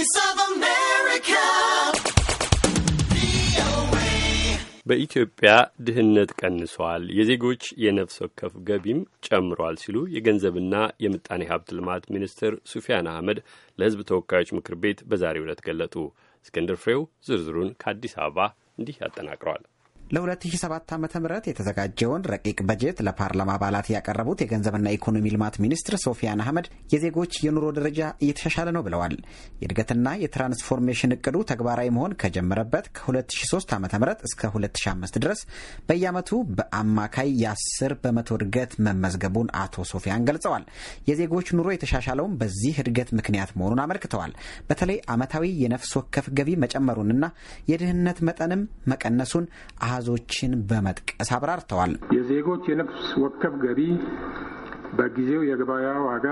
Voice of America. በኢትዮጵያ ድህነት ቀንሷል፣ የዜጎች የነፍስ ወከፍ ገቢም ጨምሯል ሲሉ የገንዘብና የምጣኔ ሀብት ልማት ሚኒስትር ሱፊያን አህመድ ለሕዝብ ተወካዮች ምክር ቤት በዛሬው ዕለት ገለጡ። እስክንድር ፍሬው ዝርዝሩን ከአዲስ አበባ እንዲህ ያጠናቅረዋል። ለ2007 ዓ ም የተዘጋጀውን ረቂቅ በጀት ለፓርላማ አባላት ያቀረቡት የገንዘብና ኢኮኖሚ ልማት ሚኒስትር ሶፊያን አህመድ የዜጎች የኑሮ ደረጃ እየተሻሻለ ነው ብለዋል። የእድገትና የትራንስፎርሜሽን እቅዱ ተግባራዊ መሆን ከጀመረበት ከ2003 ዓ ም እስከ 2005 ድረስ በየዓመቱ በአማካይ የ10 በመቶ እድገት መመዝገቡን አቶ ሶፊያን ገልጸዋል። የዜጎች ኑሮ የተሻሻለውም በዚህ እድገት ምክንያት መሆኑን አመልክተዋል። በተለይ ዓመታዊ የነፍስ ወከፍ ገቢ መጨመሩንና የድህነት መጠንም መቀነሱን አሃዞችን በመጥቀስ አብራርተዋል። የዜጎች የነፍስ ወከፍ ገቢ በጊዜው የገበያ ዋጋ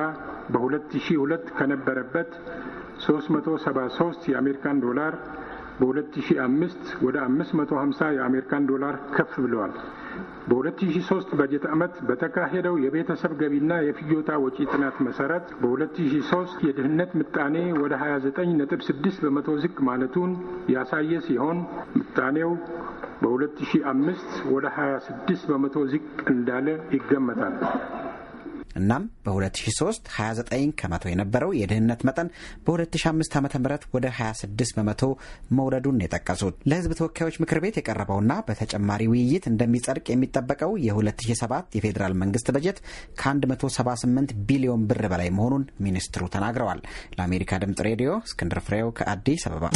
በ2002 ከነበረበት 373 የአሜሪካን ዶላር በ2005 ወደ 550 የአሜሪካን ዶላር ከፍ ብለዋል። በ2003 በጀት ዓመት በተካሄደው የቤተሰብ ገቢና የፍጆታ ወጪ ጥናት መሰረት በ2003 የድህነት ምጣኔ ወደ 29.6 በመቶ ዝቅ ማለቱን ያሳየ ሲሆን ምጣኔው በ2005 ወደ 26 በመቶ ዝቅ እንዳለ ይገመታል። እናም በ2003 29 ከመቶ የነበረው የድህነት መጠን በ2005 ዓ ም ወደ 26 በመቶ መውረዱን የጠቀሱት ለሕዝብ ተወካዮች ምክር ቤት የቀረበውና በተጨማሪ ውይይት እንደሚጸድቅ የሚጠበቀው የ2007 የፌዴራል መንግስት በጀት ከ178 ቢሊዮን ብር በላይ መሆኑን ሚኒስትሩ ተናግረዋል። ለአሜሪካ ድምጽ ሬዲዮ እስክንድር ፍሬው ከአዲስ አበባ